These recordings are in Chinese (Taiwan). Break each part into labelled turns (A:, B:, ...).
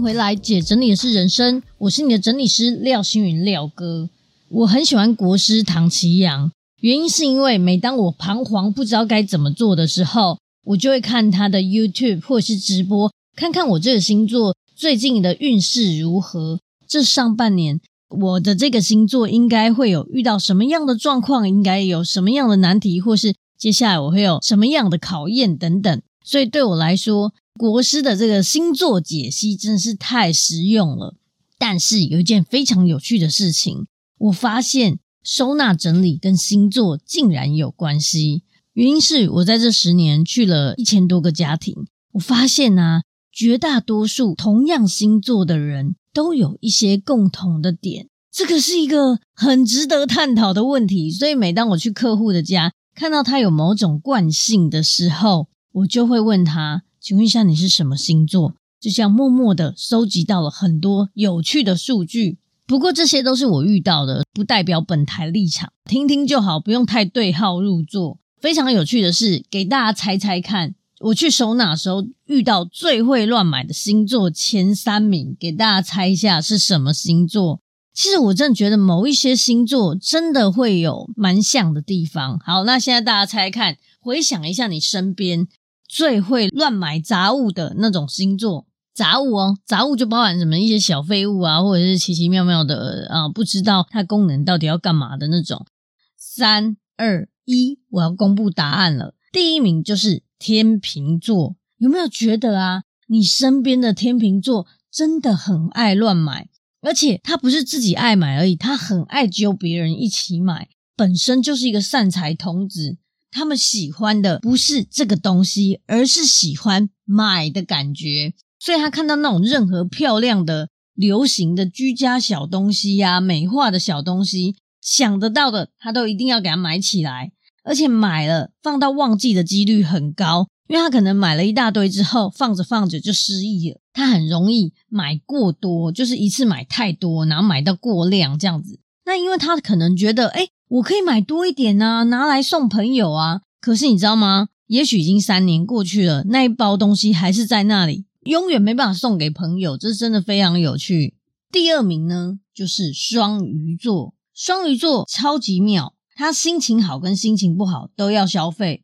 A: 回來姐整理的是人生，我是你的整理師廖心筠廖哥。我很喜歡國師唐綺陽，原因是因為每當我彷徨不知道該怎麼做的時候，我就會看他的 YouTube 或是直播，看看我這個星座最近的運勢如何。這上半年我的這個星座應該會有遇到什麼樣的狀況，應該有什麼樣的難題，或是接下來我會有什麼樣的考驗等等。所以對我來說，國師的這個星座解析真是太實用了。但是有一件非常有趣的事情，我發現收納整理跟星座竟然有關係。原因是，我在這十年去了一千多個家庭，我發現啊，絕大多數同樣星座的人都有一些共同的點。這個是一個很值得探討的問題。所以每當我去客戶的家，看到他有某種慣性的時候，我就會問他，請問一下你是什麼星座？就像默默的收集到了很多有趣的數據。不過這些都是我遇到的，不代表本台立場，聽聽就好，不用太對號入座。非常有趣的是，給大家猜猜看，我去收納時候遇到最會亂買的星座前三名，給大家猜一下是什麼星座？其實我真的覺得某一些星座真的會有蠻像的地方。好，那現在大家猜猜看。回想一下你身邊最會亂買雜物的那種星座。雜物哦，雜物就包含什麼一些小廢物啊，或者是奇奇妙妙的啊，不知道它功能到底要幹嘛的那種。三二一，我要公布答案了。第一名就是天秤座。有沒有覺得啊，你身邊的天秤座真的很愛亂買，而且他不是自己愛買而已，他很愛揪別人一起買，本身就是一個散財童子。他們喜歡的不是這個東西，而是喜歡買的感覺。所以，他看到那種任何漂亮的、流行的居家小東西呀、啊、美化的小東西，想得到的他都一定要給他買起來。而且，買了放到忘記的幾率很高，因為他可能買了一大堆之後，放着放着就失憶了。他很容易買過多，就是一次買太多，然後買到過量這樣子。那因為他可能覺得，哎。我可以買多一點啊，拿來送朋友啊！可是你知道嗎？也許已經三年過去了，那一包東西還是在那裡，永遠沒辦法送給朋友。這是真的非常有趣。第二名呢，就是雙魚座，雙魚座超級妙，他心情好跟心情不好都要消費。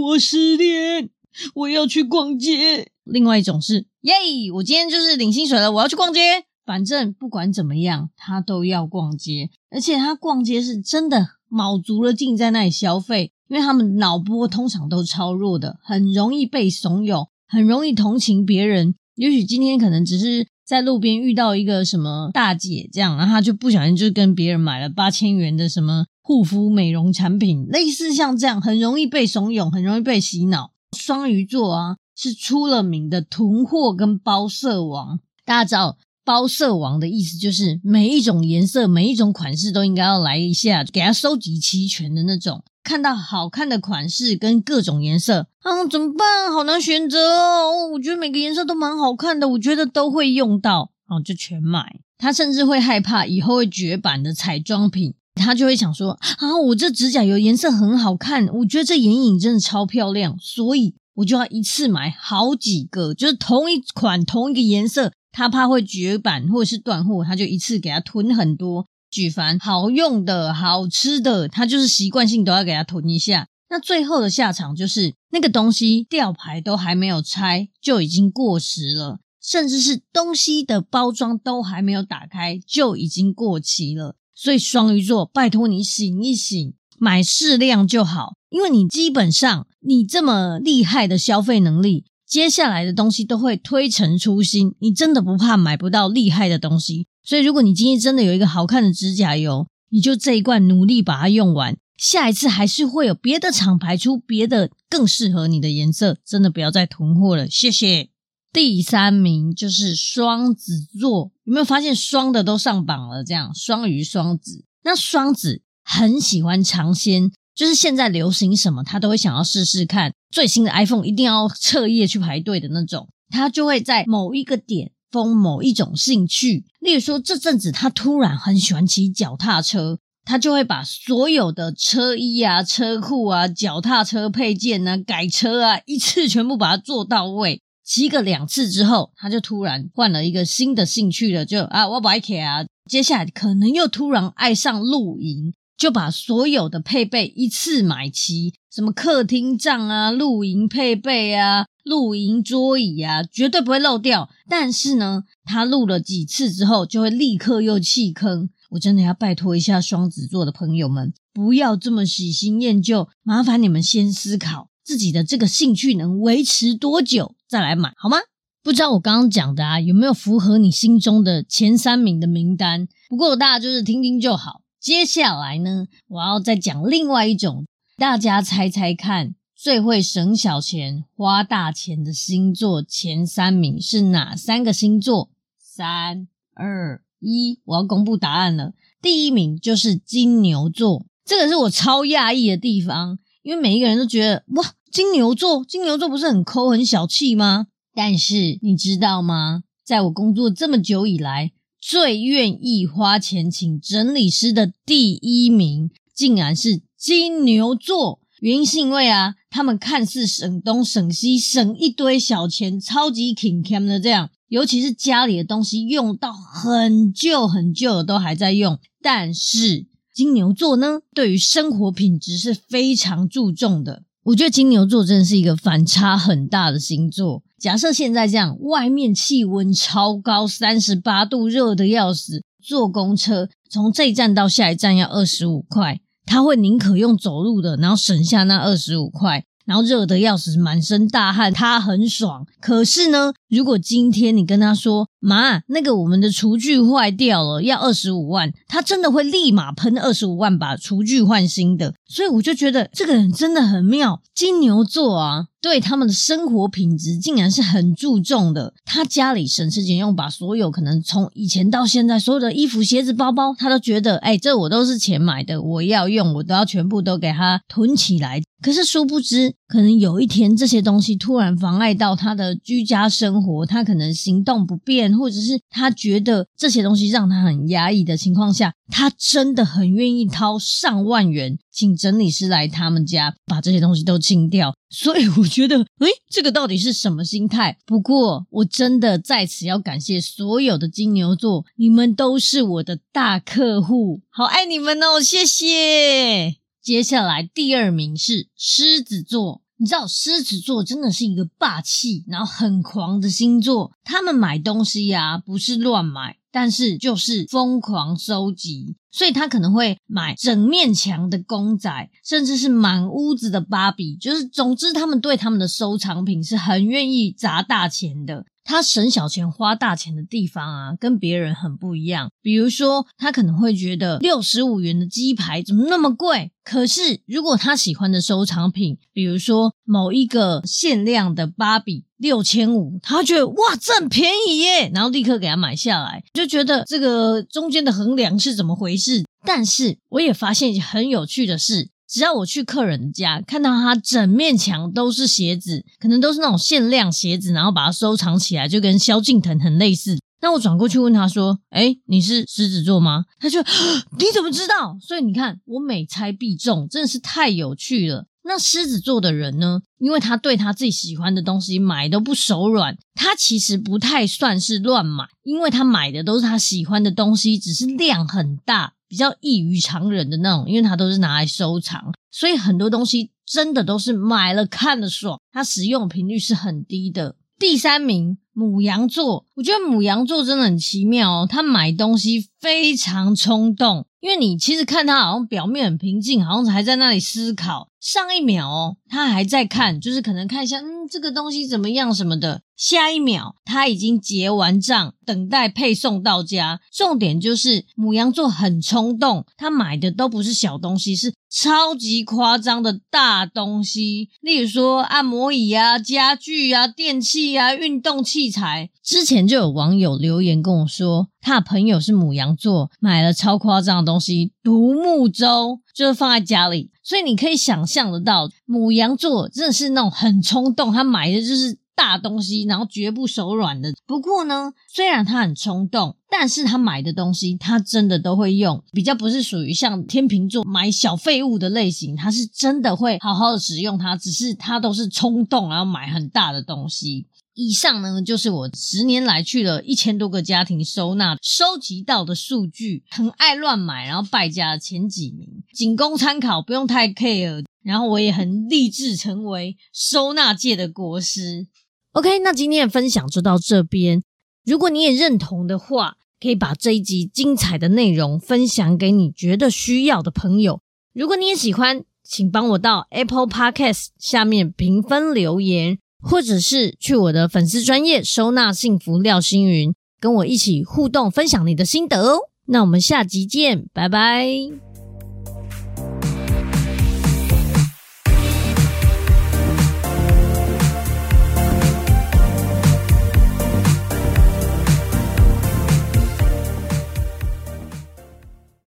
A: 我失戀，我要去逛街。另外一種是，耶！我今天就是領薪水了，我要去逛街。反正不管怎麼樣，他都要逛街，而且他逛街是真的卯足了勁在那裡消費，因為他們腦波通常都超弱的，很容易被慫恿，很容易同情別人。也許今天可能只是在路邊遇到一個什麼大姐這樣，然後他就不小心就跟別人買了八千元的什麼護膚美容產品，類似像這樣，很容易被慫恿，很容易被洗腦。雙魚座啊，是出了名的囤貨跟包色王，大家知道。包色王的意思就是每一種顏色、每一種款式都應該要來一下，給他收集齊全的那種。看到好看的款式跟各種顏色，啊，怎麼辦？好難選擇哦。我覺得每個顏色都蠻好看的，我覺得都會用到，啊，就全買。他甚至會害怕以後會絕版的彩妝品，他就會想說：啊，我這指甲油顏色很好看，我覺得這眼影真的超漂亮，所以我就要一次買好幾個，就是同一款同一個顏色。他怕會絕版或者是斷貨，他就一次給他囤很多，舉凡好用的好吃的，他就是習慣性都要給他囤一下。那最後的下場就是那個東西吊牌都還沒有拆就已經過時了，甚至是東西的包裝都還沒有打開就已經過期了。所以雙魚座，拜託你醒一醒，買適量就好，因為你基本上你這麼厲害的消費能力。接下來的東西都會推陳出新，你真的不怕買不到厲害的東西？所以，如果你今天真的有一個好看的指甲油，你就這一罐努力把它用完，下一次還是會有別的廠牌出別的更適合你的顏色。真的不要再囤貨了，謝謝。第三名就是雙子座，有沒有發現雙的都上榜了？這樣，雙魚、雙子，那雙子很喜歡嘗鮮。就是現在流行什麼，他都會想要試試看。最新的 iPhone 一定要徹夜去排隊的那種，他就會在某一個點，封某一種興趣。例如說，這陣子他突然很喜歡騎腳踏車，他就會把所有的車衣啊、車褲啊、腳踏車配件呢、啊、改車啊，一次全部把它做到位。騎個兩次之後，他就突然換了一個新的興趣了，就啊，我不愛騎啊。接下來可能又突然愛上露營。就把所有的配備一次買齊，什麼客廳帳啊、露營配備啊、露營桌椅啊，絕對不會漏掉。但是呢，他露了幾次之後，就會立刻又棄坑。我真的要拜托一下雙子座的朋友們，不要這麼喜新厭舊，麻煩你們先思考自己的這個興趣能維持多久，再來買好嗎？不知道我剛剛講的啊，有沒有符合你心中的前三名的名單？不過大家就是聽聽就好。接下來呢，我要再講另外一種，大家猜猜看，最會省小錢花大錢的星座前三名是哪三個星座？三二一，我要公布答案了。第一名就是金牛座，這個是我超訝異的地方，因為每一個人都覺得哇，金牛座，金牛座不是很摳很小氣嗎？但是你知道嗎，在我工作這麼久以來。最願意花錢請整理師的第一名，竟然是金牛座。原因是因為啊，他們看似省東省西，省一堆小錢，超級挺慳的這樣。尤其是家裡的東西用到很舊很舊了，都還在用。但是金牛座呢，對於生活品質是非常注重的。我覺得金牛座真的是一個反差很大的星座。假設現在這樣，外面氣溫超高，三十八度，熱的要死。坐公車從這一站到下一站要二十五塊，他會寧可用走路的，然後省下那二十五塊，然後熱的要死，滿身大汗，他很爽。可是呢，如果今天你跟他說，媽，那個我們的廚具壞掉了，要二十五萬。他真的會立馬噴二十五萬把廚具換新的。所以我就覺得這個人真的很妙，金牛座啊，對他們的生活品質竟然是很注重的。他家裡省吃儉用，把所有可能從以前到現在所有的衣服、鞋子、包包，他都覺得，哎、欸，這我都是錢買的，我要用，我都要全部都給他囤起來。可是殊不知，可能有一天這些東西突然妨礙到他的居家生活，他可能行動不便。或者是他覺得這些東西讓他很壓抑的情況下，他真的很願意掏上萬元，請整理師來他們家把這些東西都清掉。所以我覺得，哎，這個到底是什麼心態？不過我真的在此要感謝所有的金牛座，你們都是我的大客戶，好愛你們哦，謝謝。接下來第二名是獅子座。你知道，獅子座真的是一個霸氣，然後很狂的星座。他們買東西呀、啊，不是亂買，但是就是瘋狂收集。所以他可能會買整面牆的公仔，甚至是滿屋子的芭比。就是總之，他們對他們的收藏品是很願意砸大錢的。他省小錢花大錢的地方啊，跟別人很不一樣。比如說，他可能會覺得六十五元的雞排怎麼那麼貴？可是如果他喜歡的收藏品，比如說某一個限量的芭比六千五，他覺得哇，這很便宜耶，然後立刻給他買下來，就覺得這個中間的衡量是怎麼回事？是，但是我也發現很有趣的事，只要我去客人家，看到他整面牆都是鞋子，可能都是那種限量鞋子，然後把它收藏起來，就跟蕭敬騰很類似。那我轉過去問他說：“誒，你是獅子座嗎？”他就呵：“你怎麼知道？”所以你看，我每猜必中，真的是太有趣了。那獅子座的人呢？因為他對他自己喜歡的東西買都不手軟，他其實不太算是亂買，因為他買的都是他喜歡的東西，只是量很大，比較異於常人的那種，因為他都是拿來收藏，所以很多東西真的都是買了看了爽，他使用頻率是很低的。第三名，牡羊座，我覺得牡羊座真的很奇妙哦，他買東西，非常衝動，因為你其實看他好像表面很平靜，好像還在那裡思考。上一秒哦，他還在看，就是可能看一下嗯，這個東西怎麼樣什麼的。下一秒他已經結完賬，等待配送到家。重點就是牡羊座很衝動，他買的都不是小東西，是超級誇張的大東西，例如說按摩椅啊、家具啊、電器啊、運動器材。之前就有網友留言跟我說。他朋友是牡羊座，買了超誇張的東西，獨木舟就是放在家裡，所以你可以想象得到，牡羊座真的是那種很衝動，他買的就是大東西，然後絕不手軟的。不過呢，雖然他很衝動，但是他買的東西他真的都會用，比較不是屬於像天秤座買小廢物的類型，他是真的會好好的使用它，只是他都是衝動然後買很大的東西。以上呢，就是我十年來去了一千多個家庭收納收集到的數據，很愛亂買，然後敗家的前幾名，僅供參考，不用太 care。然後我也很立志成為收納界的國師。OK，那今天的分享就到這邊。如果你也認同的話，可以把這一集精彩的內容分享給你覺得需要的朋友。如果你也喜歡，請幫我到 Apple Podcast 下面評分留言。或者是去我的粉絲專業收納幸福廖心筠，跟我一起互動分享你的心得哦。那我們下集見，拜拜。